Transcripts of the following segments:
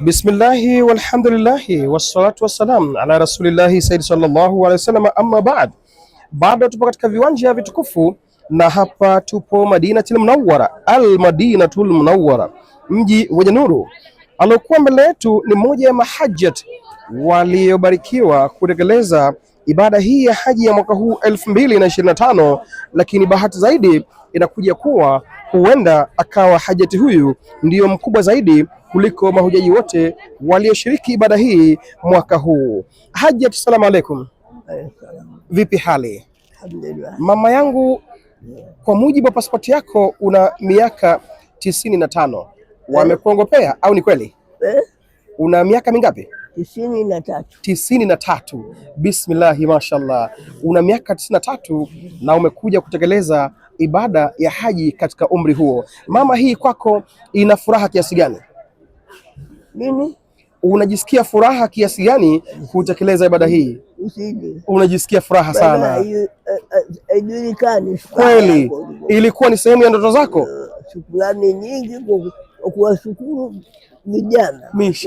Bismillahi walhamdulillahi wassalatu wassalam ala rasulillahi sayyidi sallallahu alaihi wasallam amma ba'd. Bado tupo katika viwanja vitukufu na hapa tupo Madinatul Munawwara, al Madinatul Munawwara, mji wenye nuru. Aliokuwa mbele yetu ni mmoja ya mahajjat waliobarikiwa kutekeleza ibada hii ya haji ya mwaka huu elfu mbili na ishirini na tano, lakini bahati zaidi inakuja kuwa huenda akawa hajati huyu ndiyo mkubwa zaidi kuliko mahujaji wote walioshiriki ibada hii mwaka huu. Hajati, salamu alaikum. Vipi hali mama yangu? Kwa mujibu wa pasipoti yako una miaka tisini na tano. Eh? Wamekuongopea au ni kweli eh? Una miaka mingapi? tisini na tatu. tisini na tatu. Bismillahi, mashallah. Una miaka tisini na tatu na umekuja kutekeleza ibada ya haji katika umri huo. Mama, hii kwako ina furaha kiasi gani? Mimi unajisikia furaha kiasi gani kutekeleza ibada hii? Unajisikia furaha sana eh, eh, kweli? Ilikuwa ni sehemu ya ndoto zako? Eh, shukrani nyingi kuwashukuru vijana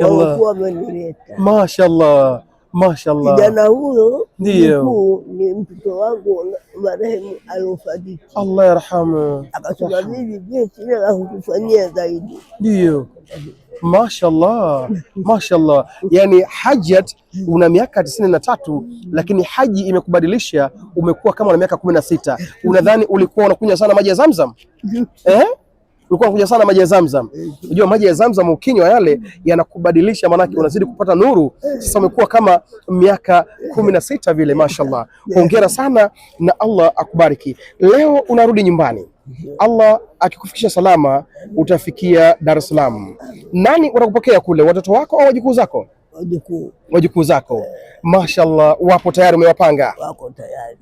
walikuwa wamenileta. Mashallah, mashallah. Kijana huyo ndio ni mtoto wangu marehemu aliofariki, Allah yarhamu, akasema mimi je, sina la kukufanyia zaidi. Ndio, Mashallah, mashallah. Yani Hajat, una miaka tisini na tatu lakini haji imekubadilisha, umekuwa kama una miaka kumi na sita. Unadhani ulikuwa unakunywa sana maji ya Zamzam eh? ulikuwa unakuja sana maji ya Zamzam. Eh. Unajua maji ya Zamzam ukinywa yale eh. yanakubadilisha, maanake eh. unazidi kupata nuru. Sasa umekuwa kama miaka kumi na sita vile, mashallah. Hongera sana na Allah akubariki. Leo unarudi nyumbani, Allah akikufikisha salama utafikia Dar es Salaam. Nani watakupokea kule, watoto wako au wajukuu zako? Wajukuu zako, mashallah, wapo tayari, umewapanga? Wako tayari.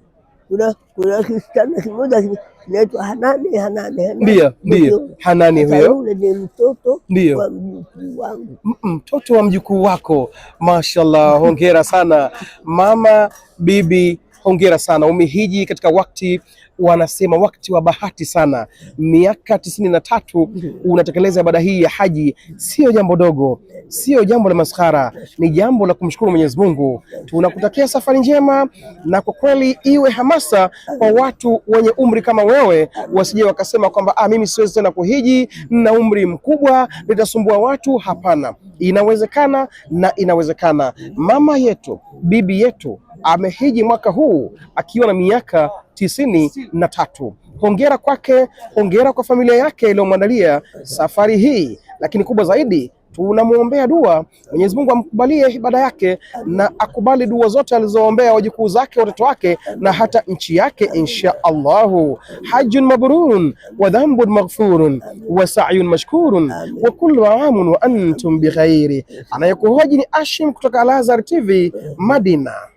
Kuna kuna kimoja naitwa Hanani, Hanani, Hanani. Ndio, ndio. Hanani huyo ni mtoto ndio wa mjukuu wangu. Mtoto wa mjukuu wako. Mashallah, hongera sana mama, bibi hongera sana, umehiji katika wakati wanasema wakati wa bahati sana. Miaka tisini na tatu unatekeleza ibada hii ya haji, sio jambo dogo, sio jambo la maskhara, ni jambo la kumshukuru Mwenyezi Mungu. Tunakutakia safari njema, na kwa kweli iwe hamasa kwa watu wenye umri kama wewe, wasije wakasema kwamba ah, mimi siwezi tena kuhiji, na umri mkubwa, nitasumbua watu. Hapana, inawezekana na inawezekana. Mama yetu, bibi yetu amehiji mwaka huu akiwa na miaka tisini na tatu. Hongera kwake, hongera kwa familia yake iliyomwandalia safari hii, lakini kubwa zaidi tunamwombea dua, Mwenyezi Mungu amkubalie ibada yake na akubali dua zote alizoombea wajukuu zake, watoto wake na hata nchi yake, insha Allahu. Hajjun mabrurun wa dhanbun maghfurun wa sa'yun mashkurun wa kullu amun wa antum bighairi. Anayekuhoji ni Ashim kutoka Al Azhar TV Madina.